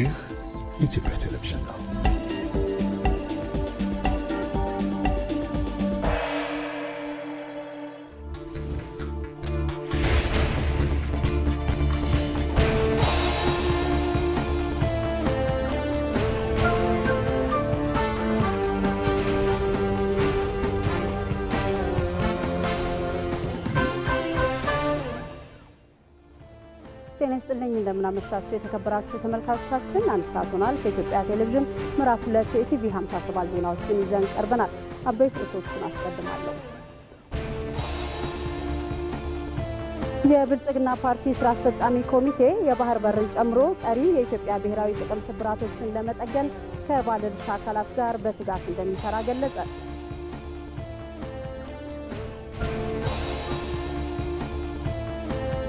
hier, il te plaît télévision now. አመሻችሁ የተከበራችሁ ተመልካቾቻችን። አንድ ሰዓት ሆኗል። ከኢትዮጵያ ቴሌቪዥን ምዕራፍ ሁለት የኢቲቪ 57 ዜናዎችን ይዘን ቀርበናል። አበይት ርዕሶቹን አስቀድማለሁ። የብልጽግና ፓርቲ ስራ አስፈጻሚ ኮሚቴ የባህር በርን ጨምሮ ቀሪ የኢትዮጵያ ብሔራዊ ጥቅም ስብራቶችን ለመጠገን ከባለድርሻ አካላት ጋር በትጋት እንደሚሰራ ገለጸ።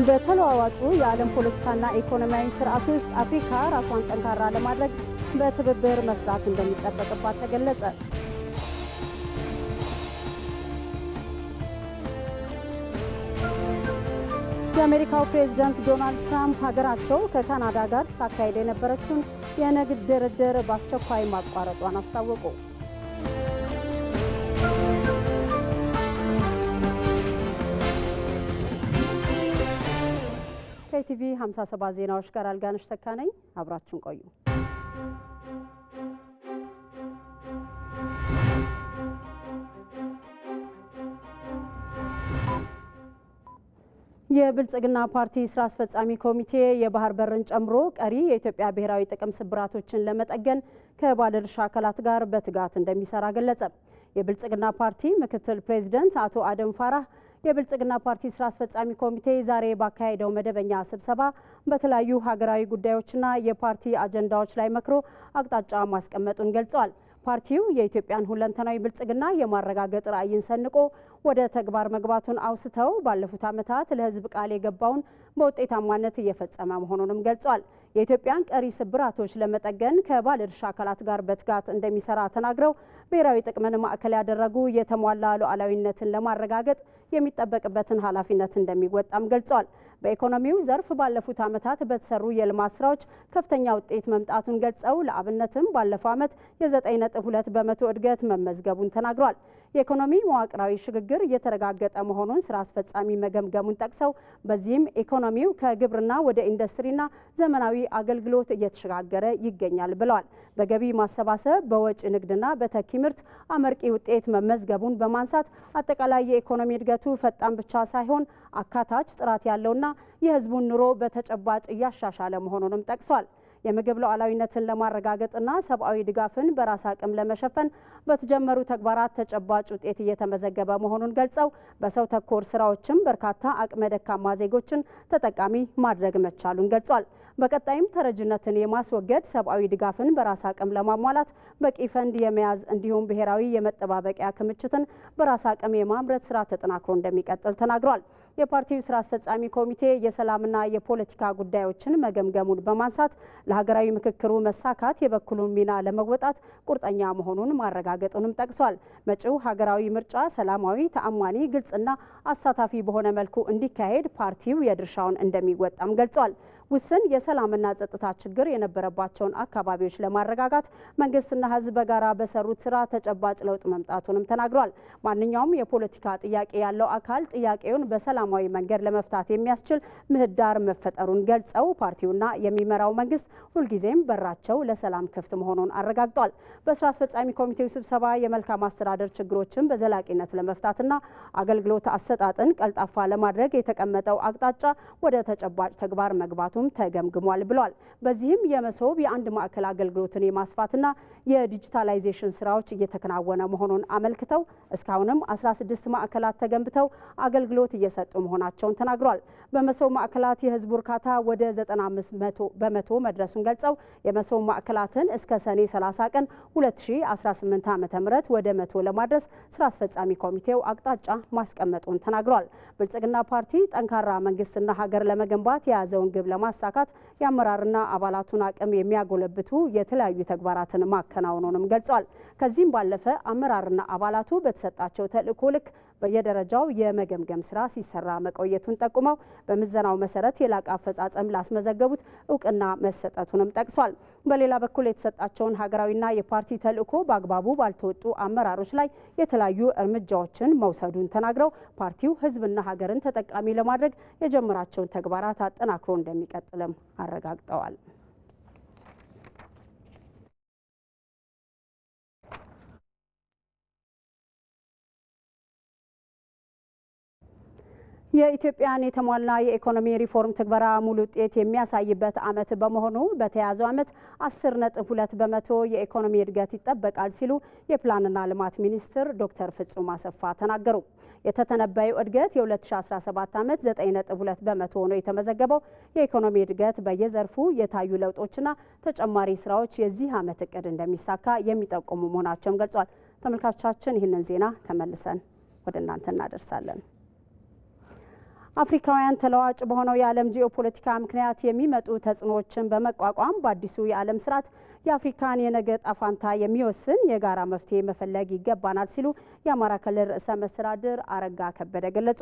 በተለዋዋጩ የዓለም ፖለቲካና ኢኮኖሚያዊ ስርዓት ውስጥ አፍሪካ ራሷን ጠንካራ ለማድረግ በትብብር መስራት እንደሚጠበቅባት ተገለጸ። የአሜሪካው ፕሬዝዳንት ዶናልድ ትራምፕ ሀገራቸው ከካናዳ ጋር ስታካሄደ የነበረችውን የንግድ ድርድር በአስቸኳይ ማቋረጧን አስታወቁ። ቲቪ 57 ዜናዎች ጋር አልጋነሽ ተካ ነኝ። አብራችን ቆዩ። የብልጽግና ፓርቲ ስራ አስፈጻሚ ኮሚቴ የባህር በርን ጨምሮ ቀሪ የኢትዮጵያ ብሔራዊ ጥቅም ስብራቶችን ለመጠገን ከባለድርሻ አካላት ጋር በትጋት እንደሚሰራ ገለጸ። የብልጽግና ፓርቲ ምክትል ፕሬዚደንት አቶ አደም ፋራህ የብልጽግና ፓርቲ ስራ አስፈጻሚ ኮሚቴ ዛሬ ባካሄደው መደበኛ ስብሰባ በተለያዩ ሀገራዊ ጉዳዮችና የፓርቲ አጀንዳዎች ላይ መክሮ አቅጣጫ ማስቀመጡን ገልጸዋል። ፓርቲው የኢትዮጵያን ሁለንተናዊ ብልጽግና የማረጋገጥ ራዕይን ሰንቆ ወደ ተግባር መግባቱን አውስተው ባለፉት ዓመታት ለሕዝብ ቃል የገባውን በውጤታማነት እየፈጸመ መሆኑንም ገልጿል። የኢትዮጵያን ቀሪ ስብራቶች ለመጠገን ከባለድርሻ አካላት ጋር በትጋት እንደሚሰራ ተናግረው ብሔራዊ ጥቅምን ማዕከል ያደረጉ የተሟላ ሉዓላዊነትን ለማረጋገጥ የሚጠበቅበትን ኃላፊነት እንደሚወጣም ገልጿል። በኢኮኖሚው ዘርፍ ባለፉት ዓመታት በተሰሩ የልማት ስራዎች ከፍተኛ ውጤት መምጣቱን ገልጸው ለአብነትም ባለፈው ዓመት የ9.2 በመቶ እድገት መመዝገቡን ተናግሯል። የኢኮኖሚ መዋቅራዊ ሽግግር እየተረጋገጠ መሆኑን ስራ አስፈጻሚ መገምገሙን ጠቅሰው በዚህም ኢኮኖሚው ከግብርና ወደ ኢንዱስትሪና ዘመናዊ አገልግሎት እየተሸጋገረ ይገኛል ብለዋል። በገቢ ማሰባሰብ፣ በወጪ ንግድና በተኪ ምርት አመርቂ ውጤት መመዝገቡን በማንሳት አጠቃላይ የኢኮኖሚ እድገቱ ፈጣን ብቻ ሳይሆን አካታች፣ ጥራት ያለውና የህዝቡን ኑሮ በተጨባጭ እያሻሻለ መሆኑንም ጠቅሷል። የምግብ ሉዓላዊነትን ለማረጋገጥና ሰብአዊ ድጋፍን በራስ አቅም ለመሸፈን በተጀመሩ ተግባራት ተጨባጭ ውጤት እየተመዘገበ መሆኑን ገልጸው በሰው ተኮር ስራዎችም በርካታ አቅመ ደካማ ዜጎችን ተጠቃሚ ማድረግ መቻሉን ገልጿል። በቀጣይም ተረጅነትን የማስወገድ ሰብአዊ ድጋፍን በራስ አቅም ለማሟላት በቂ ፈንድ የመያዝ እንዲሁም ብሔራዊ የመጠባበቂያ ክምችትን በራስ አቅም የማምረት ስራ ተጠናክሮ እንደሚቀጥል ተናግሯል። የፓርቲው ስራ አስፈጻሚ ኮሚቴ የሰላምና የፖለቲካ ጉዳዮችን መገምገሙን በማንሳት ለሀገራዊ ምክክሩ መሳካት የበኩሉን ሚና ለመወጣት ቁርጠኛ መሆኑን ማረጋገጡንም ጠቅሷል። መጪው ሀገራዊ ምርጫ ሰላማዊ፣ ተአማኒ፣ ግልጽና አሳታፊ በሆነ መልኩ እንዲካሄድ ፓርቲው የድርሻውን እንደሚወጣም ገልጿል። ውስን የሰላምና ጸጥታ ችግር የነበረባቸውን አካባቢዎች ለማረጋጋት መንግስትና ህዝብ በጋራ በሰሩት ስራ ተጨባጭ ለውጥ መምጣቱንም ተናግሯል። ማንኛውም የፖለቲካ ጥያቄ ያለው አካል ጥያቄውን በሰላማዊ መንገድ ለመፍታት የሚያስችል ምህዳር መፈጠሩን ገልጸው ፓርቲውና የሚመራው መንግስት ሁልጊዜም በራቸው ለሰላም ክፍት መሆኑን አረጋግጧል። በስራ አስፈጻሚ ኮሚቴው ስብሰባ የመልካም አስተዳደር ችግሮችን በዘላቂነት ለመፍታትና አገልግሎት አሰጣጥን ቀልጣፋ ለማድረግ የተቀመጠው አቅጣጫ ወደ ተጨባጭ ተግባር መግባቱን ውጤቱም ተገምግሟል ብሏል። በዚህም የመሶብ የአንድ ማዕከል አገልግሎትን የማስፋትና የዲጂታላይዜሽን ስራዎች እየተከናወነ መሆኑን አመልክተው እስካሁንም 16 ማዕከላት ተገንብተው አገልግሎት እየሰጡ መሆናቸውን ተናግሯል። በመሶብ ማዕከላት የህዝቡ እርካታ ወደ 95 በመቶ መድረሱን ገልጸው የመሶብ ማዕከላትን እስከ ሰኔ 30 ቀን 2018 ዓ ም ወደ መቶ ለማድረስ ስራ አስፈጻሚ ኮሚቴው አቅጣጫ ማስቀመጡን ተናግሯል። ብልጽግና ፓርቲ ጠንካራ መንግስትና ሀገር ለመገንባት የያዘውን ግብ ለማ მასაკად የአመራርና አባላቱን አቅም የሚያጎለብቱ የተለያዩ ተግባራትን ማከናወኑንም ገልጿል። ከዚህም ባለፈ አመራርና አባላቱ በተሰጣቸው ተልእኮ ልክ በየደረጃው የመገምገም ስራ ሲሰራ መቆየቱን ጠቁመው በምዘናው መሰረት የላቀ አፈጻጸም ላስመዘገቡት እውቅና መሰጠቱንም ጠቅሷል። በሌላ በኩል የተሰጣቸውን ሀገራዊና የፓርቲ ተልእኮ በአግባቡ ባልተወጡ አመራሮች ላይ የተለያዩ እርምጃዎችን መውሰዱን ተናግረው ፓርቲው ሕዝብና ሀገርን ተጠቃሚ ለማድረግ የጀመራቸውን ተግባራት አጠናክሮ እንደሚቀጥልም አረ አረጋግጠዋል የኢትዮጵያን የተሟላ የኢኮኖሚ ሪፎርም ትግበራ ሙሉ ውጤት የሚያሳይበት ዓመት በመሆኑ በተያዘው ዓመት ሁለት በመቶ የኢኮኖሚ እድገት ይጠበቃል ሲሉ የፕላንና ልማት ሚኒስትር ዶክተር ፍጹም አሰፋ ተናገሩ። የተተነበየው እድገት የ2017 ዓመት ሁለት በመቶ ሆኖ የተመዘገበው የኢኮኖሚ እድገት በየዘርፉ የታዩ ለውጦችና ተጨማሪ ስራዎች የዚህ ዓመት እቅድ እንደሚሳካ የሚጠቁሙ መሆናቸውን ገልጿል። ተመልካቾቻችን ይህንን ዜና ተመልሰን ወደ እናንተ እናደርሳለን። አፍሪካውያን ተለዋጭ በሆነው የዓለም ጂኦፖለቲካ ምክንያት የሚመጡ ተጽዕኖዎችን በመቋቋም በአዲሱ የዓለም ስርዓት የአፍሪካን የነገ ጣፋንታ የሚወስን የጋራ መፍትሄ መፈለግ ይገባናል ሲሉ የአማራ ክልል ርዕሰ መስተዳድር አረጋ ከበደ ገለጹ።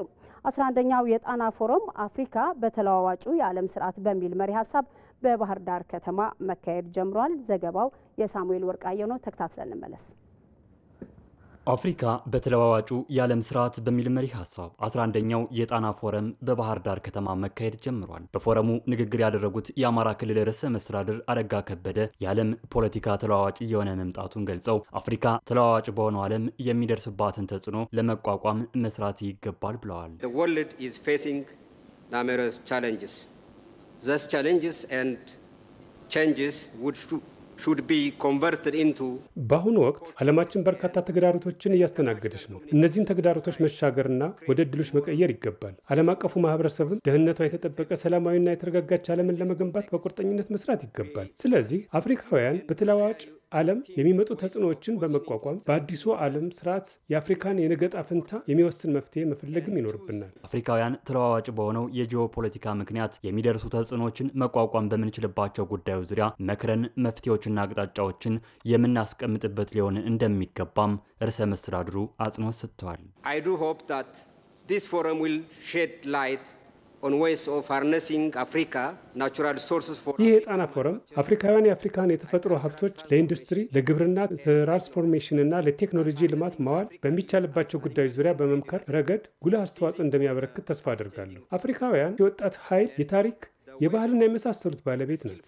አስራ አንደኛው የጣና ፎረም አፍሪካ በተለዋዋጩ የዓለም ስርዓት በሚል መሪ ሀሳብ በባህር ዳር ከተማ መካሄድ ጀምሯል። ዘገባው የሳሙኤል ወርቃየሁ ነው። ተከታትለን እንመለስ። አፍሪካ በተለዋዋጩ የዓለም ስርዓት በሚል መሪ ሀሳብ 11ኛው የጣና ፎረም በባህር ዳር ከተማ መካሄድ ጀምሯል። በፎረሙ ንግግር ያደረጉት የአማራ ክልል ርዕሰ መስተዳድር አረጋ ከበደ የዓለም ፖለቲካ ተለዋዋጭ እየሆነ መምጣቱን ገልጸው አፍሪካ ተለዋዋጭ በሆነው ዓለም የሚደርስባትን ተጽዕኖ ለመቋቋም መስራት ይገባል ብለዋል። The world is facing numerous challenges. These challenges and changes would በአሁኑ ወቅት ዓለማችን በርካታ ተግዳሮቶችን እያስተናገደች ነው። እነዚህን ተግዳሮቶች መሻገርና ወደ እድሎች መቀየር ይገባል። ዓለም አቀፉ ማህበረሰብን ደህንነቷ የተጠበቀ ሰላማዊና የተረጋጋች ዓለምን ለመገንባት በቁርጠኝነት መስራት ይገባል። ስለዚህ አፍሪካውያን በተለዋዋጭ ዓለም የሚመጡ ተጽዕኖዎችን በመቋቋም በአዲሱ ዓለም ስርዓት የአፍሪካን የነገ ዕጣ ፈንታ የሚወስን መፍትሄ መፈለግም ይኖርብናል። አፍሪካውያን ተለዋዋጭ በሆነው የጂኦ ፖለቲካ ምክንያት የሚደርሱ ተጽዕኖዎችን መቋቋም በምንችልባቸው ጉዳዮች ዙሪያ መክረን መፍትሄዎችና አቅጣጫዎችን የምናስቀምጥበት ሊሆን እንደሚገባም ርዕሰ መስተዳድሩ አጽንኦት ሰጥተዋል። ይህ የጣና ፎረም አፍሪካውያን የአፍሪካን የተፈጥሮ ሀብቶች ለኢንዱስትሪ፣ ለግብርና ትራንስፎርሜሽንና ለቴክኖሎጂ ልማት ማዋል በሚቻልባቸው ጉዳዮች ዙሪያ በመምከር ረገድ ጉልህ አስተዋጽኦ እንደሚያበረክት ተስፋ አድርጋለሁ። አፍሪካውያን የወጣት ኃይል የታሪክ የባህልና የመሳሰሉት ባለቤት ናት።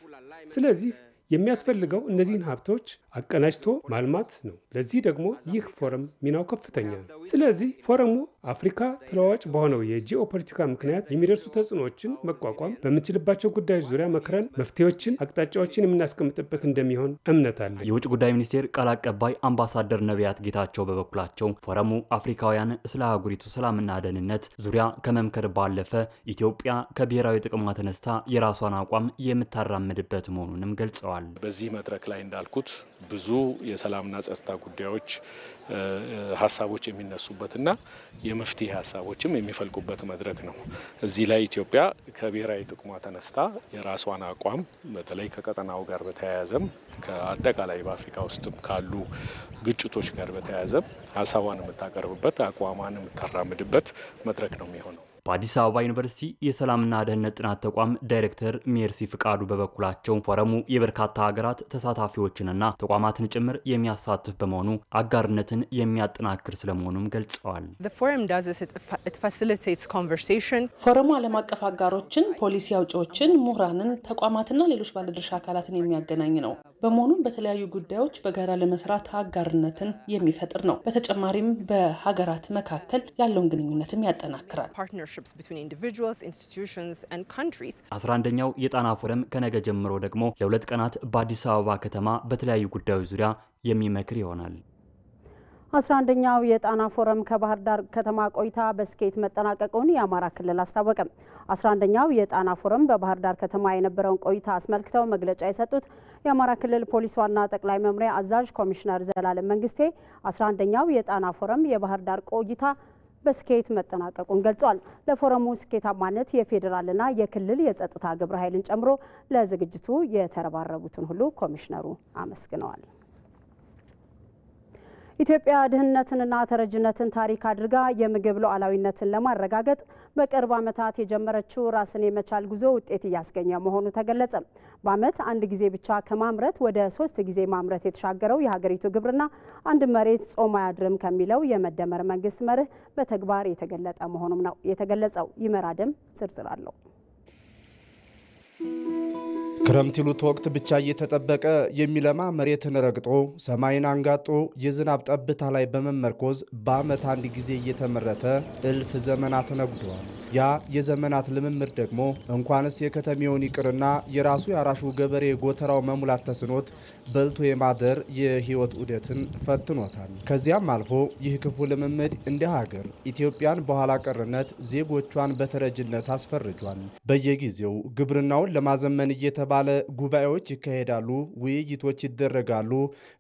ስለዚህ የሚያስፈልገው እነዚህን ሀብቶች አቀናጅቶ ማልማት ነው። ለዚህ ደግሞ ይህ ፎረም ሚናው ከፍተኛ ነው። ስለዚህ ፎረሙ አፍሪካ ተለዋዋጭ በሆነው የጂኦ ፖለቲካ ምክንያት የሚደርሱ ተጽዕኖዎችን መቋቋም በምንችልባቸው ጉዳዮች ዙሪያ መክረን መፍትሄዎችን፣ አቅጣጫዎችን የምናስቀምጥበት እንደሚሆን እምነት አለ። የውጭ ጉዳይ ሚኒስቴር ቃል አቀባይ አምባሳደር ነቢያት ጌታቸው በበኩላቸው ፎረሙ አፍሪካውያን ስለ አህጉሪቱ ሰላምና ደህንነት ዙሪያ ከመምከር ባለፈ ኢትዮጵያ ከብሔራዊ ጥቅሟ ተነስታ የራሷን አቋም የምታራምድበት መሆኑንም ገልጸዋል። ተናግረዋል። በዚህ መድረክ ላይ እንዳልኩት ብዙ የሰላምና ጸጥታ ጉዳዮች ሀሳቦች የሚነሱበትና የመፍትሄ ሀሳቦችም የሚፈልቁበት መድረክ ነው። እዚህ ላይ ኢትዮጵያ ከብሔራዊ ጥቅሟ ተነስታ የራሷን አቋም በተለይ ከቀጠናው ጋር በተያያዘም ከአጠቃላይ በአፍሪካ ውስጥም ካሉ ግጭቶች ጋር በተያያዘም ሀሳቧን የምታቀርብበት አቋሟን የምታራምድበት መድረክ ነው የሚሆነው። በአዲስ አበባ ዩኒቨርሲቲ የሰላምና ደህንነት ጥናት ተቋም ዳይሬክተር ሜርሲ ፍቃዱ በበኩላቸው ፎረሙ የበርካታ ሀገራት ተሳታፊዎችንና ተቋማትን ጭምር የሚያሳትፍ በመሆኑ አጋርነትን የሚያጠናክር ስለመሆኑም ገልጸዋል። ፎረሙ ዓለም አቀፍ አጋሮችን፣ ፖሊሲ አውጪዎችን፣ ምሁራንን፣ ተቋማትና ሌሎች ባለድርሻ አካላትን የሚያገናኝ ነው። በመሆኑም በተለያዩ ጉዳዮች በጋራ ለመስራት አጋርነትን የሚፈጥር ነው። በተጨማሪም በሀገራት መካከል ያለውን ግንኙነትም ያጠናክራል። አስራ አንደኛው የጣና ፎረም ከነገ ጀምሮ ደግሞ ለሁለት ቀናት በአዲስ አበባ ከተማ በተለያዩ ጉዳዮች ዙሪያ የሚመክር ይሆናል። አስራ አንደኛው የጣና ፎረም ከባህር ዳር ከተማ ቆይታ በስኬት መጠናቀቁን የአማራ ክልል አስታወቀም። አስራ አንደኛው የጣና ፎረም በባህር ዳር ከተማ የነበረውን ቆይታ አስመልክተው መግለጫ የሰጡት የአማራ ክልል ፖሊስ ዋና ጠቅላይ መምሪያ አዛዥ ኮሚሽነር ዘላለም መንግስቴ 11ኛው የጣና ፎረም የባህር ዳር ቆይታ በስኬት መጠናቀቁን ገልጿል። ለፎረሙ ስኬታማነት የፌዴራልና የክልል የጸጥታ ግብረ ኃይልን ጨምሮ ለዝግጅቱ የተረባረቡትን ሁሉ ኮሚሽነሩ አመስግነዋል። ኢትዮጵያ ድህነትንና ተረጅነትን ታሪክ አድርጋ የምግብ ሉዓላዊነትን ለማረጋገጥ በቅርብ ዓመታት የጀመረችው ራስን የመቻል ጉዞ ውጤት እያስገኘ መሆኑ ተገለጸ። በዓመት አንድ ጊዜ ብቻ ከማምረት ወደ ሶስት ጊዜ ማምረት የተሻገረው የሀገሪቱ ግብርና አንድ መሬት ጾም አያድርም ከሚለው የመደመር መንግስት መርህ በተግባር የተገለጠ መሆኑም ነው የተገለጸው። ይመራደም ዝርዝር አለው። ክረምት ይሉት ወቅት ብቻ እየተጠበቀ የሚለማ መሬትን ረግጦ ሰማይን አንጋጦ የዝናብ ጠብታ ላይ በመመርኮዝ በዓመት አንድ ጊዜ እየተመረተ እልፍ ዘመናት ነጉደዋል። ያ የዘመናት ልምምድ ደግሞ እንኳንስ የከተሜውን ይቅርና የራሱ የአራሹ ገበሬ ጎተራው መሙላት ተስኖት በልቶ የማደር የህይወት ዑደትን ፈትኖታል። ከዚያም አልፎ ይህ ክፉ ልምምድ እንደ ሀገር ኢትዮጵያን በኋላ ቀርነት ዜጎቿን በተረጅነት አስፈርጇል። በየጊዜው ግብርናውን ለማዘመን እየተ ባለ ጉባኤዎች ይካሄዳሉ፣ ውይይቶች ይደረጋሉ።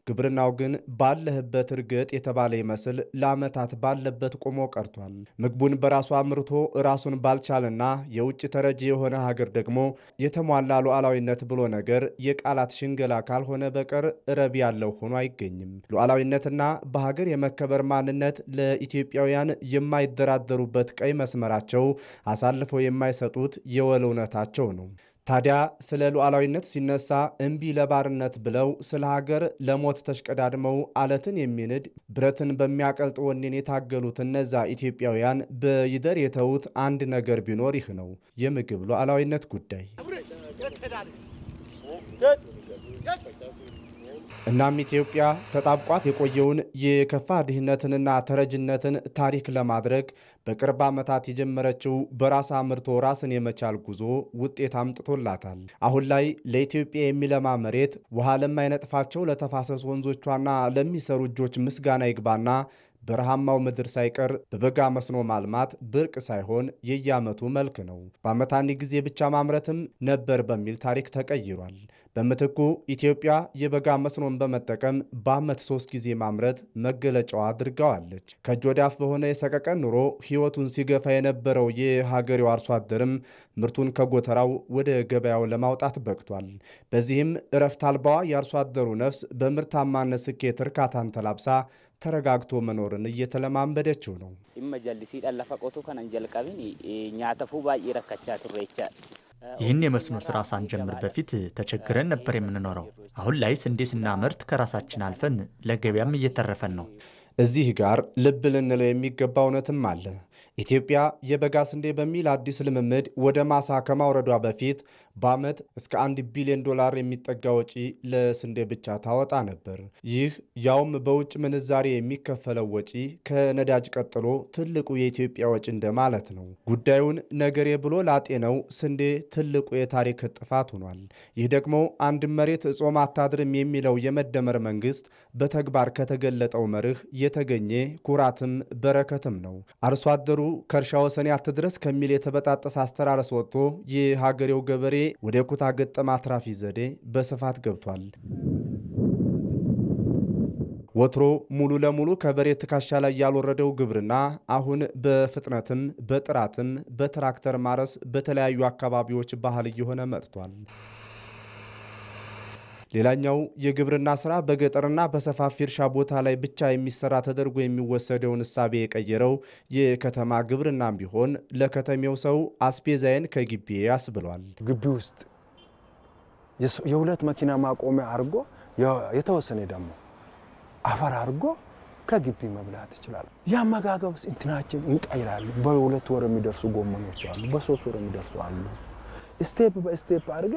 ግብርናው ግን ባለህበት እርግጥ የተባለ ይመስል ለዓመታት ባለበት ቆሞ ቀርቷል። ምግቡን በራሱ አምርቶ ራሱን ባልቻለና የውጭ ተረጂ የሆነ ሀገር ደግሞ የተሟላ ሉዓላዊነት ብሎ ነገር የቃላት ሽንገላ ካልሆነ በቀር ረብ ያለው ሆኖ አይገኝም። ሉዓላዊነትና በሀገር የመከበር ማንነት ለኢትዮጵያውያን የማይደራደሩበት ቀይ መስመራቸው አሳልፈው የማይሰጡት የወል እውነታቸው ነው። ታዲያ ስለ ሉዓላዊነት ሲነሳ እምቢ ለባርነት ብለው ስለ ሀገር ለሞት ተሽቀዳድመው አለትን የሚንድ ብረትን በሚያቀልጥ ወኔን የታገሉት እነዛ ኢትዮጵያውያን በይደር የተዉት አንድ ነገር ቢኖር ይህ ነው፣ የምግብ ሉዓላዊነት ጉዳይ። እናም ኢትዮጵያ ተጣብቋት የቆየውን የከፋ ድህነትንና ተረጅነትን ታሪክ ለማድረግ በቅርብ ዓመታት የጀመረችው በራስ አምርቶ ራስን የመቻል ጉዞ ውጤት አምጥቶላታል። አሁን ላይ ለኢትዮጵያ የሚለማ መሬት ውሃ ለማይነጥፋቸው ለተፋሰስ ወንዞቿና ለሚሰሩ እጆች ምስጋና ይግባና በረሃማው ምድር ሳይቀር በበጋ መስኖ ማልማት ብርቅ ሳይሆን የየዓመቱ መልክ ነው። በዓመት አንድ ጊዜ ብቻ ማምረትም ነበር በሚል ታሪክ ተቀይሯል። በምትኩ ኢትዮጵያ የበጋ መስኖን በመጠቀም በዓመት ሶስት ጊዜ ማምረት መገለጫዋ አድርገዋለች። ከእጅ ወደ አፍ በሆነ የሰቀቀን ኑሮ ሕይወቱን ሲገፋ የነበረው የሀገሬው አርሶ አደርም ምርቱን ከጎተራው ወደ ገበያው ለማውጣት በቅቷል። በዚህም እረፍት አልባዋ የአርሶ አደሩ ነፍስ በምርታማነት ስኬት እርካታን ተላብሳ ተረጋግቶ መኖርን እየተለማመደችው ነው። ይህን የመስኖ ስራ ሳንጀምር በፊት ተቸግረን ነበር የምንኖረው። አሁን ላይ ስንዴ ስናመርት ከራሳችን አልፈን ለገበያም እየተረፈን ነው። እዚህ ጋር ልብ ልንለው የሚገባ እውነትም አለ። ኢትዮጵያ የበጋ ስንዴ በሚል አዲስ ልምምድ ወደ ማሳ ከማውረዷ በፊት በዓመት እስከ አንድ ቢሊዮን ዶላር የሚጠጋ ወጪ ለስንዴ ብቻ ታወጣ ነበር። ይህ ያውም በውጭ ምንዛሬ የሚከፈለው ወጪ ከነዳጅ ቀጥሎ ትልቁ የኢትዮጵያ ወጪ እንደማለት ነው። ጉዳዩን ነገሬ ብሎ ላጤነው ስንዴ ትልቁ የታሪክ ጥፋት ሆኗል። ይህ ደግሞ አንድ መሬት እጾም አታድርም የሚለው የመደመር መንግስት በተግባር ከተገለጠው መርህ የተገኘ ኩራትም በረከትም ነው። አርሶ አደሩ ከእርሻ ወሰኔ ድረስ ከሚል የተበጣጠሰ አስተራረስ ወጥቶ የሀገሬው ገበሬ ወደ ኩታ ገጠም አትራፊ ዘዴ በስፋት ገብቷል። ወትሮ ሙሉ ለሙሉ ከበሬ ትከሻ ላይ ያልወረደው ግብርና አሁን በፍጥነትም በጥራትም በትራክተር ማረስ በተለያዩ አካባቢዎች ባህል እየሆነ መጥቷል። ሌላኛው የግብርና ስራ በገጠርና በሰፋፊ እርሻ ቦታ ላይ ብቻ የሚሰራ ተደርጎ የሚወሰደውን እሳቤ የቀየረው የከተማ ግብርናም ቢሆን ለከተሜው ሰው አስቤዛዬን ከግቢ አስብሏል። ግቢ ውስጥ የሁለት መኪና ማቆሚያ አድርጎ የተወሰነ ደግሞ አፈር አድርጎ ከግቢ መብላት ይችላል። የአመጋገብ እንትናችን እንቀይራለን። በሁለት ወር የሚደርሱ ጎመኖች አሉ፣ በሶስት ወር የሚደርሱ አሉ። ስቴፕ በስቴፕ አድርገ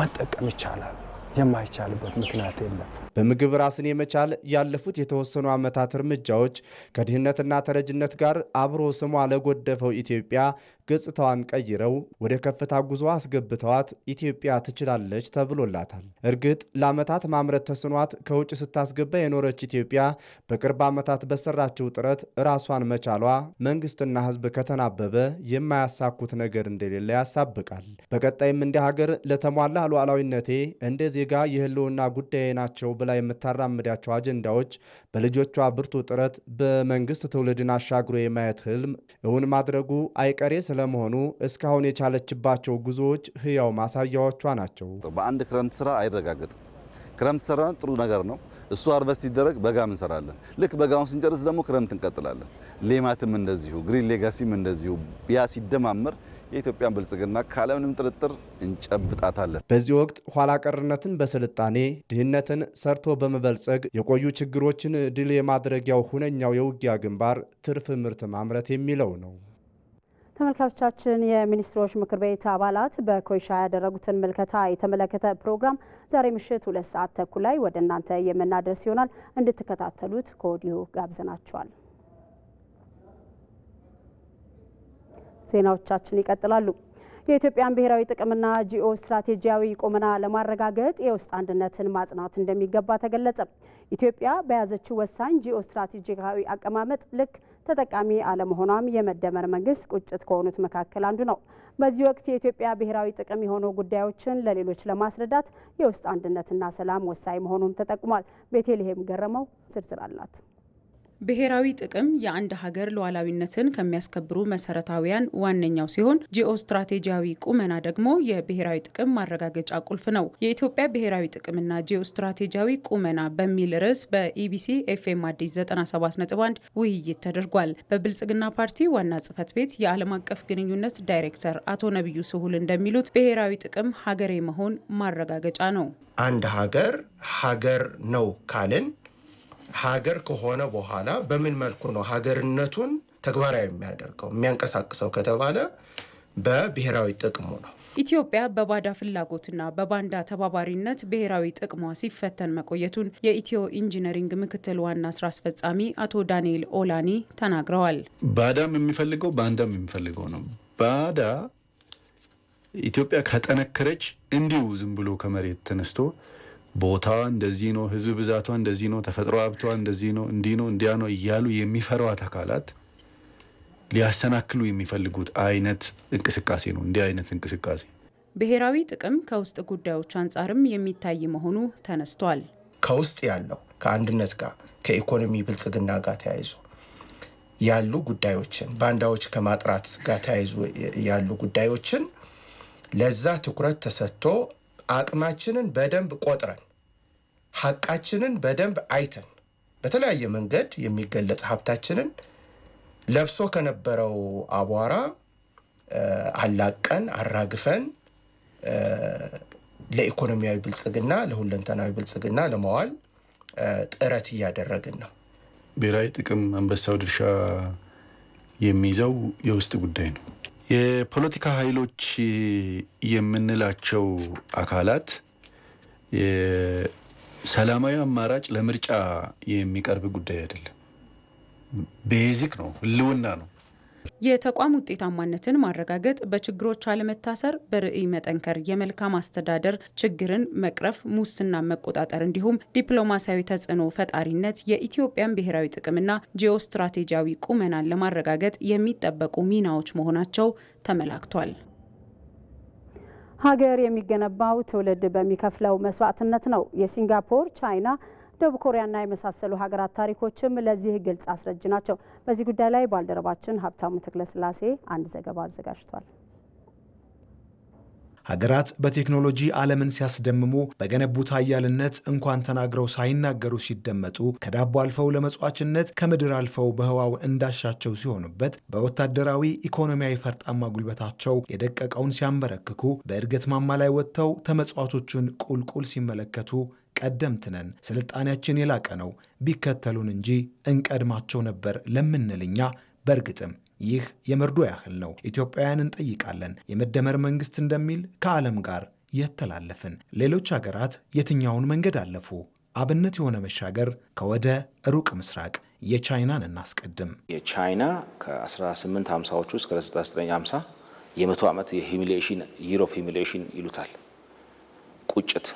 መጠቀም ይቻላል። የማይቻልበት ምክንያት የለም። በምግብ ራስን የመቻል ያለፉት የተወሰኑ ዓመታት እርምጃዎች ከድህነትና ተረጅነት ጋር አብሮ ስሟ ለጎደፈው ኢትዮጵያ ገጽታዋን ቀይረው ወደ ከፍታ ጉዞ አስገብተዋት ኢትዮጵያ ትችላለች ተብሎላታል። እርግጥ ለዓመታት ማምረት ተስኗት ከውጭ ስታስገባ የኖረች ኢትዮጵያ በቅርብ ዓመታት በሰራችው ጥረት ራሷን መቻሏ መንግስትና ሕዝብ ከተናበበ የማያሳኩት ነገር እንደሌለ ያሳብቃል። በቀጣይም እንደ ሀገር ለተሟላ ሉዓላዊነቴ እንደ ዜጋ የህልውና ጉዳይ ናቸው ብላ የምታራምዳቸው አጀንዳዎች በልጆቿ ብርቱ ጥረት በመንግስት ትውልድን አሻግሮ የማየት ህልም እውን ማድረጉ አይቀሬ ስለመሆኑ እስካሁን የቻለችባቸው ጉዞዎች ህያው ማሳያዎቿ ናቸው። በአንድ ክረምት ስራ አይረጋገጥም። ክረምት ስራ ጥሩ ነገር ነው። እሱ አርቨስት ይደረግ፣ በጋም እንሰራለን። ልክ በጋውን ስንጨርስ ደግሞ ክረምት እንቀጥላለን። ሌማትም እንደዚሁ፣ ግሪን ሌጋሲም እንደዚሁ ያ ሲደማመር የኢትዮጵያን ብልጽግና ካለምንም ጥርጥር እንጨብጣታለን። በዚህ ወቅት ኋላ ቀርነትን በስልጣኔ ድህነትን ሰርቶ በመበልጸግ የቆዩ ችግሮችን ድል የማድረጊያው ሁነኛው የውጊያ ግንባር ትርፍ ምርት ማምረት የሚለው ነው። ተመልካቾቻችን የሚኒስትሮች ምክር ቤት አባላት በኮይሻ ያደረጉትን ምልከታ የተመለከተ ፕሮግራም ዛሬ ምሽት ሁለት ሰዓት ተኩል ላይ ወደ እናንተ የምናደርስ ይሆናል። እንድትከታተሉት ከወዲሁ ጋብዘናቸዋል። ዜናዎቻችን ይቀጥላሉ። የኢትዮጵያን ብሔራዊ ጥቅምና ጂኦ ስትራቴጂያዊ ቁመና ለማረጋገጥ የውስጥ አንድነትን ማጽናት እንደሚገባ ተገለጸ። ኢትዮጵያ በያዘችው ወሳኝ ጂኦ ስትራቴጂካዊ አቀማመጥ ልክ ተጠቃሚ አለመሆኗም የመደመር መንግስት ቁጭት ከሆኑት መካከል አንዱ ነው። በዚህ ወቅት የኢትዮጵያ ብሔራዊ ጥቅም የሆኑ ጉዳዮችን ለሌሎች ለማስረዳት የውስጥ አንድነትና ሰላም ወሳኝ መሆኑም ተጠቁሟል። ቤተልሔም ገረመው ዝርዝር አላት። ብሔራዊ ጥቅም የአንድ ሀገር ሉዓላዊነትን ከሚያስከብሩ መሰረታዊያን ዋነኛው ሲሆን ጂኦ ስትራቴጂያዊ ቁመና ደግሞ የብሔራዊ ጥቅም ማረጋገጫ ቁልፍ ነው። የኢትዮጵያ ብሔራዊ ጥቅምና ጂኦ ስትራቴጂያዊ ቁመና በሚል ርዕስ በኢቢሲ ኤፍኤም አዲስ 97.1 ውይይት ተደርጓል። በብልጽግና ፓርቲ ዋና ጽህፈት ቤት የዓለም አቀፍ ግንኙነት ዳይሬክተር አቶ ነቢዩ ስሁል እንደሚሉት ብሔራዊ ጥቅም ሀገሬ መሆን ማረጋገጫ ነው። አንድ ሀገር ሀገር ነው ካልን ሀገር ከሆነ በኋላ በምን መልኩ ነው ሀገርነቱን ተግባራዊ የሚያደርገው የሚያንቀሳቅሰው ከተባለ በብሔራዊ ጥቅሙ ነው። ኢትዮጵያ በባዳ ፍላጎትና በባንዳ ተባባሪነት ብሔራዊ ጥቅሟ ሲፈተን መቆየቱን የኢትዮ ኢንጂነሪንግ ምክትል ዋና ስራ አስፈጻሚ አቶ ዳንኤል ኦላኒ ተናግረዋል። ባዳም የሚፈልገው ባንዳም የሚፈልገው ነው። ባዳ ኢትዮጵያ ከጠነከረች እንዲሁ ዝም ብሎ ከመሬት ተነስቶ ቦታዋ እንደዚህ ነው፣ ህዝብ ብዛቷ እንደዚህ ነው፣ ተፈጥሮ ሀብቷ እንደዚህ ነው፣ እንዲህ ነው፣ እንዲያ ነው እያሉ የሚፈሯት አካላት ሊያሰናክሉ የሚፈልጉት አይነት እንቅስቃሴ ነው። እንዲህ አይነት እንቅስቃሴ ብሔራዊ ጥቅም ከውስጥ ጉዳዮች አንጻርም የሚታይ መሆኑ ተነስቷል። ከውስጥ ያለው ከአንድነት ጋር ከኢኮኖሚ ብልጽግና ጋር ተያይዞ ያሉ ጉዳዮችን ባንዳዎች ከማጥራት ጋር ተያይዞ ያሉ ጉዳዮችን ለዛ ትኩረት ተሰጥቶ አቅማችንን በደንብ ቆጥረን ሐቃችንን በደንብ አይተን በተለያየ መንገድ የሚገለጽ ሀብታችንን ለብሶ ከነበረው አቧራ አላቀን አራግፈን ለኢኮኖሚያዊ ብልጽግና ለሁለንተናዊ ብልጽግና ለመዋል ጥረት እያደረግን ነው። ብሔራዊ ጥቅም አንበሳው ድርሻ የሚይዘው የውስጥ ጉዳይ ነው። የፖለቲካ ኃይሎች የምንላቸው አካላት ሰላማዊ አማራጭ ለምርጫ የሚቀርብ ጉዳይ አይደለም። ቤዚክ ነው፣ ህልውና ነው። የተቋም ውጤታማነትን ማረጋገጥ፣ በችግሮች አለመታሰር፣ በርዕይ መጠንከር፣ የመልካም አስተዳደር ችግርን መቅረፍ፣ ሙስና መቆጣጠር እንዲሁም ዲፕሎማሲያዊ ተጽዕኖ ፈጣሪነት የኢትዮጵያን ብሔራዊ ጥቅምና ጂኦ ስትራቴጂያዊ ቁመናን ለማረጋገጥ የሚጠበቁ ሚናዎች መሆናቸው ተመላክቷል። ሀገር የሚገነባው ትውልድ በሚከፍለው መስዋዕትነት ነው። የሲንጋፖር ቻይና ደቡብ ኮሪያና የመሳሰሉ ሀገራት ታሪኮችም ለዚህ ግልጽ አስረጅ ናቸው። በዚህ ጉዳይ ላይ ባልደረባችን ሀብታሙ ተክለስላሴ አንድ ዘገባ አዘጋጅቷል። ሀገራት በቴክኖሎጂ ዓለምን ሲያስደምሙ በገነቡት አያልነት እንኳን ተናግረው ሳይናገሩ ሲደመጡ ከዳቦ አልፈው ለመጽዋችነት ከምድር አልፈው በህዋው እንዳሻቸው ሲሆኑበት በወታደራዊ ኢኮኖሚያዊ ፈርጣማ ጉልበታቸው የደቀቀውን ሲያንበረክኩ በእድገት ማማ ላይ ወጥተው ተመጽዋቾቹን ቁልቁል ሲመለከቱ ቀደምት ነን፣ ስልጣኔያችን የላቀ ነው፣ ቢከተሉን እንጂ እንቀድማቸው ነበር ለምንልኛ በእርግጥም ይህ የመርዶ ያህል ነው። ኢትዮጵያውያን እንጠይቃለን። የመደመር መንግስት እንደሚል ከዓለም ጋር የተላለፍን ሌሎች ሀገራት የትኛውን መንገድ አለፉ? አብነት የሆነ መሻገር ከወደ ሩቅ ምስራቅ የቻይናን እናስቀድም። የቻይና ከ1850ዎቹ እስከ 1950 የመቶ ዓመት የሂሚሌሽን ይር ኦፍ ሂሚሌሽን ይሉታል ቁጭት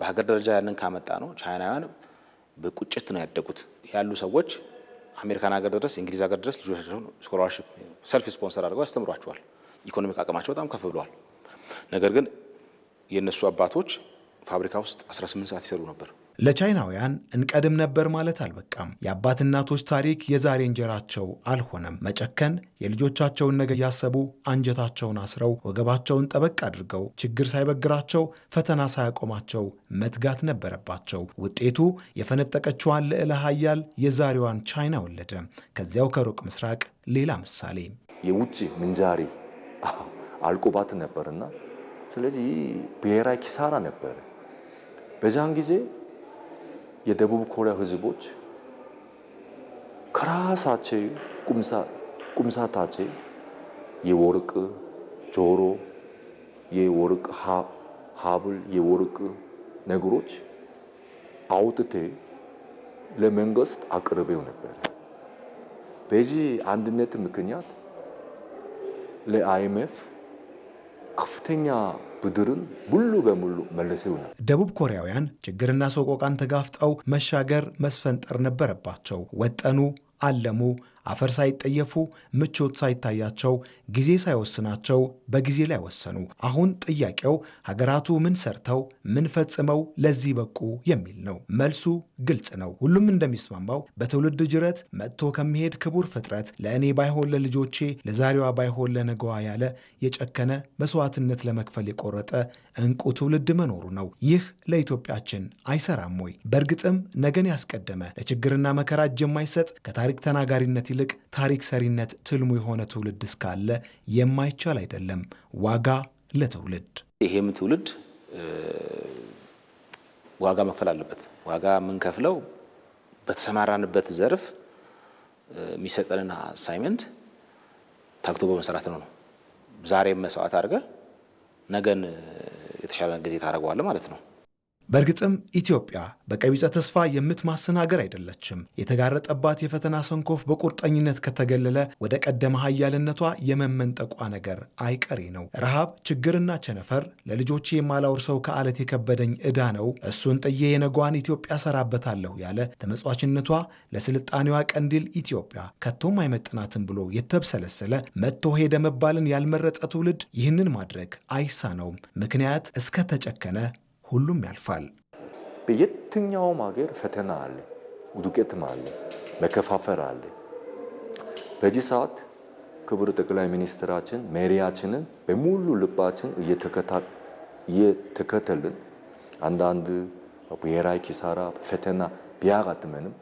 በሀገር ደረጃ ያንን ካመጣ ነው ቻይናውያን በቁጭት ነው ያደጉት ያሉ ሰዎች አሜሪካን ሀገር ድረስ እንግሊዝ ሀገር ድረስ ልጆቻቸውን ስኮላርሽፕ ሰልፍ ስፖንሰር አድርገው ያስተምሯቸዋል። ኢኮኖሚክ አቅማቸው በጣም ከፍ ብለዋል። ነገር ግን የእነሱ አባቶች ፋብሪካ ውስጥ 18 ሰዓት ይሰሩ ነበር። ለቻይናውያን እንቀድም ነበር ማለት አልበቃም። የአባት እናቶች ታሪክ የዛሬ እንጀራቸው አልሆነም። መጨከን፣ የልጆቻቸውን ነገር እያሰቡ አንጀታቸውን አስረው ወገባቸውን ጠበቅ አድርገው ችግር ሳይበግራቸው ፈተና ሳያቆማቸው መትጋት ነበረባቸው። ውጤቱ የፈነጠቀችዋን ልዕለ ሀያል የዛሬዋን ቻይና ወለደ። ከዚያው ከሩቅ ምስራቅ ሌላ ምሳሌ የውጭ ምንዛሪ አልቆባት ነበርና ስለዚህ ብሔራዊ ኪሳራ ነበር በዛን ጊዜ いやデブブコレハズボチカラサチェクムサクムサタチェイウォルクジョロイウォルクハハブルイウォルクネグロチアウトテレメンガスアクルベウネペベジアンデネテムクニャレ IMF ከፍተኛ ብድርን ሙሉ በሙሉ መለሰ ይሆናል። ደቡብ ኮሪያውያን ችግርና ሰቆቃን ተጋፍጠው መሻገር መስፈንጠር ነበረባቸው። ወጠኑ፣ አለሙ፣ አፈር ሳይጠየፉ ምቾት ሳይታያቸው ጊዜ ሳይወስናቸው በጊዜ ላይ ወሰኑ። አሁን ጥያቄው ሀገራቱ ምን ሰርተው ምን ፈጽመው ለዚህ በቁ የሚል ነው። መልሱ ግልጽ ነው። ሁሉም እንደሚስማማው በትውልድ ጅረት መጥቶ ከሚሄድ ክቡር ፍጥረት ለእኔ ባይሆን ለልጆቼ፣ ለዛሬዋ ባይሆን ለነገዋ ያለ የጨከነ መስዋዕትነት ለመክፈል የቆረጠ እንቁ ትውልድ መኖሩ ነው። ይህ ለኢትዮጵያችን አይሰራም ወይ? በእርግጥም ነገን ያስቀደመ ለችግርና መከራ እጅ የማይሰጥ ከታሪክ ተናጋሪነት ይልቅ ታሪክ ሰሪነት ትልሙ የሆነ ትውልድ እስካለ የማይቻል አይደለም። ዋጋ ለትውልድ ይሄም ትውልድ ዋጋ መክፈል አለበት። ዋጋ የምንከፍለው በተሰማራንበት ዘርፍ የሚሰጠንን አሳይመንት ታክቶ በመስራት ነው ነው ዛሬም መስዋዕት አድርገ ነገን የተሻለ ጊዜ ታደርገዋለህ ማለት ነው። በእርግጥም ኢትዮጵያ በቀቢጸ ተስፋ የምትማስን ሀገር አይደለችም። የተጋረጠባት የፈተና ሰንኮፍ በቁርጠኝነት ከተገለለ ወደ ቀደመ ሀያልነቷ የመመንጠቋ ነገር አይቀሬ ነው። ረሃብ፣ ችግርና ቸነፈር ለልጆቼ የማላውርሰው ከአለት የከበደኝ ዕዳ ነው፣ እሱን ጥዬ የነጓን ኢትዮጵያ ሰራበታለሁ ያለ ተመጽዋችነቷ ለስልጣኔዋ ቀንዲል ኢትዮጵያ ከቶም አይመጥናትም ብሎ የተብሰለሰለ መጥቶ ሄደ መባልን ያልመረጠ ትውልድ ይህንን ማድረግ አይሳነውም። ምክንያት እስከተጨከነ ሁሉም ያልፋል። በየትኛውም ሀገር ፈተና አለ፣ ውድቀትም አለ፣ መከፋፈር አለ። በዚህ ሰዓት ክቡር ጠቅላይ ሚኒስትራችን መሪያችንን በሙሉ ልባችን እየተከተልን አንዳንድ ብሔራዊ ኪሳራ ፈተና ቢያጋጥመንም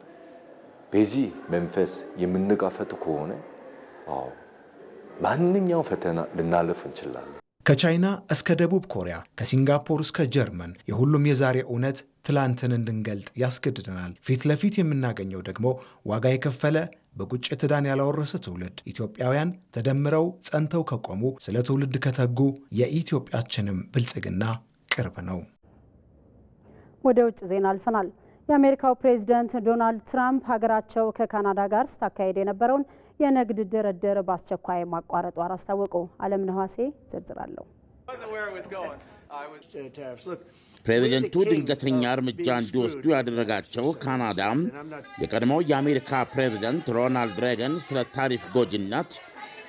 በዚህ መንፈስ የምንጋፈጥ ከሆነ አዎ ማንኛውም ፈተና ልናለፍ እንችላለን። ከቻይና እስከ ደቡብ ኮሪያ ከሲንጋፖር እስከ ጀርመን የሁሉም የዛሬ እውነት ትላንትን እንድንገልጥ ያስገድደናል። ፊት ለፊት የምናገኘው ደግሞ ዋጋ የከፈለ በቁጭት ዕዳን ያላወረሰ ትውልድ። ኢትዮጵያውያን ተደምረው ጸንተው ከቆሙ፣ ስለ ትውልድ ከተጉ የኢትዮጵያችንም ብልጽግና ቅርብ ነው። ወደ ውጭ ዜና አልፈናል። የአሜሪካው ፕሬዚደንት ዶናልድ ትራምፕ ሀገራቸው ከካናዳ ጋር ስታካሄድ የነበረውን የንግድ ድርድር በአስቸኳይ ማቋረጧን አስታወቁ። አለምነህ ዝርዝር አለው። ፕሬዚደንቱ ድንገተኛ እርምጃ እንዲወስዱ ያደረጋቸው ካናዳ የቀድሞው የአሜሪካ ፕሬዚደንት ሮናልድ ሬገን ስለ ታሪፍ ጎጂነት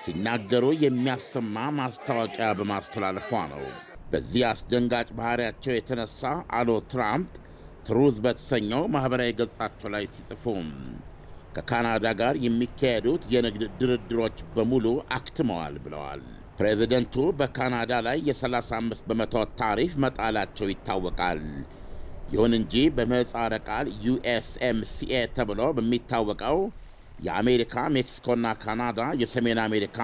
ሲናገሩ የሚያሰማ ማስታወቂያ በማስተላለፏ ነው። በዚህ አስደንጋጭ ባህሪያቸው የተነሳ አሎ ትራምፕ ትሩዝ በተሰኘው ማኅበራዊ ገጻቸው ላይ ሲጽፉ ከካናዳ ጋር የሚካሄዱት የንግድ ድርድሮች በሙሉ አክትመዋል ብለዋል። ፕሬዚደንቱ በካናዳ ላይ የ35 በመቶ ታሪፍ መጣላቸው ይታወቃል። ይሁን እንጂ በመጻረ ቃል ዩኤስኤምሲኤ ተብሎ በሚታወቀው የአሜሪካ ሜክሲኮና ካናዳ የሰሜን አሜሪካ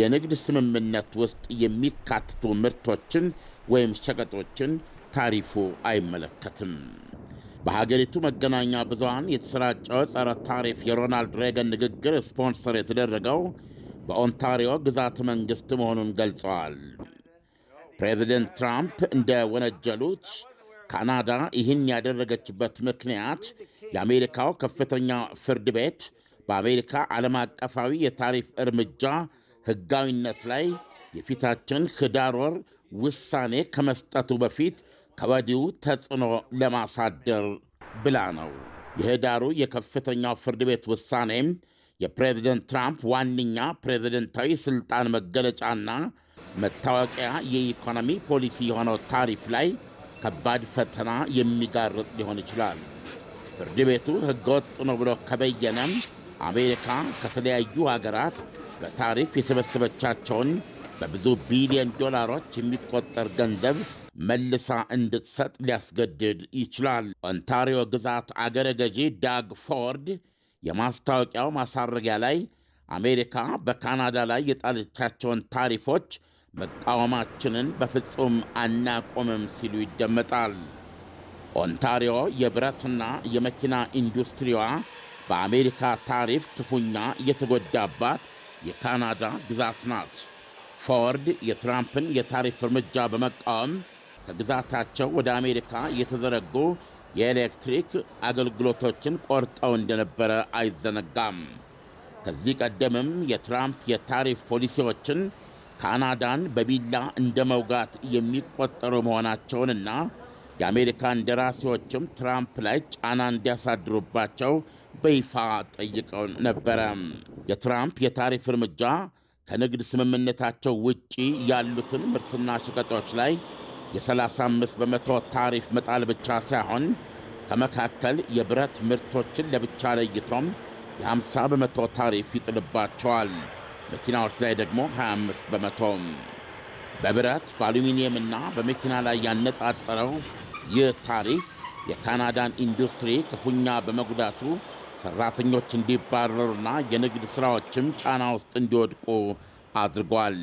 የንግድ ስምምነት ውስጥ የሚካትቱ ምርቶችን ወይም ሸቀጦችን ታሪፉ አይመለከትም። በሀገሪቱ መገናኛ ብዙሃን የተሰራጨው ጸረ ታሪፍ የሮናልድ ሬገን ንግግር ስፖንሰር የተደረገው በኦንታሪዮ ግዛት መንግሥት መሆኑን ገልጸዋል። ፕሬዚደንት ትራምፕ እንደ ወነጀሉት ካናዳ ይህን ያደረገችበት ምክንያት የአሜሪካው ከፍተኛ ፍርድ ቤት በአሜሪካ ዓለም አቀፋዊ የታሪፍ እርምጃ ሕጋዊነት ላይ የፊታችን ኅዳር ወር ውሳኔ ከመስጠቱ በፊት ከወዲሁ ተጽዕኖ ለማሳደር ብላ ነው። የህዳሩ የከፍተኛው ፍርድ ቤት ውሳኔም የፕሬዝደንት ትራምፕ ዋነኛ ፕሬዝደንታዊ ሥልጣን መገለጫና መታወቂያ የኢኮኖሚ ፖሊሲ የሆነው ታሪፍ ላይ ከባድ ፈተና የሚጋርጥ ሊሆን ይችላል። ፍርድ ቤቱ ሕገወጥ ነው ብሎ ከበየነም አሜሪካ ከተለያዩ አገራት በታሪፍ የሰበሰበቻቸውን በብዙ ቢሊዮን ዶላሮች የሚቆጠር ገንዘብ መልሳ እንድትሰጥ ሊያስገድድ ይችላል። ኦንታሪዮ ግዛት አገረ ገዢ ዳግ ፎርድ የማስታወቂያው ማሳረጊያ ላይ አሜሪካ በካናዳ ላይ የጣለቻቸውን ታሪፎች መቃወማችንን በፍጹም አናቆምም ሲሉ ይደመጣል። ኦንታሪዮ የብረትና የመኪና ኢንዱስትሪዋ በአሜሪካ ታሪፍ ክፉኛ የተጎዳባት የካናዳ ግዛት ናት። ፎርድ የትራምፕን የታሪፍ እርምጃ በመቃወም ከግዛታቸው ወደ አሜሪካ የተዘረጉ የኤሌክትሪክ አገልግሎቶችን ቆርጠው እንደነበረ አይዘነጋም። ከዚህ ቀደምም የትራምፕ የታሪፍ ፖሊሲዎችን ካናዳን በቢላ እንደ መውጋት የሚቆጠሩ መሆናቸውንና የአሜሪካን ደራሲዎችም ትራምፕ ላይ ጫና እንዲያሳድሩባቸው በይፋ ጠይቀው ነበረ። የትራምፕ የታሪፍ እርምጃ ከንግድ ስምምነታቸው ውጪ ያሉትን ምርትና ሸቀጦች ላይ የ35 በመቶ ታሪፍ መጣል ብቻ ሳይሆን ከመካከል የብረት ምርቶችን ለብቻ ለይቶም የ50 በመቶ ታሪፍ ይጥልባቸዋል። መኪናዎች ላይ ደግሞ 25 በመቶ። በብረት በአሉሚኒየምና በመኪና ላይ ያነጣጠረው ይህ ታሪፍ የካናዳን ኢንዱስትሪ ክፉኛ በመጉዳቱ ሠራተኞች እንዲባረሩና የንግድ ሥራዎችም ጫና ውስጥ እንዲወድቁ አድርጓል።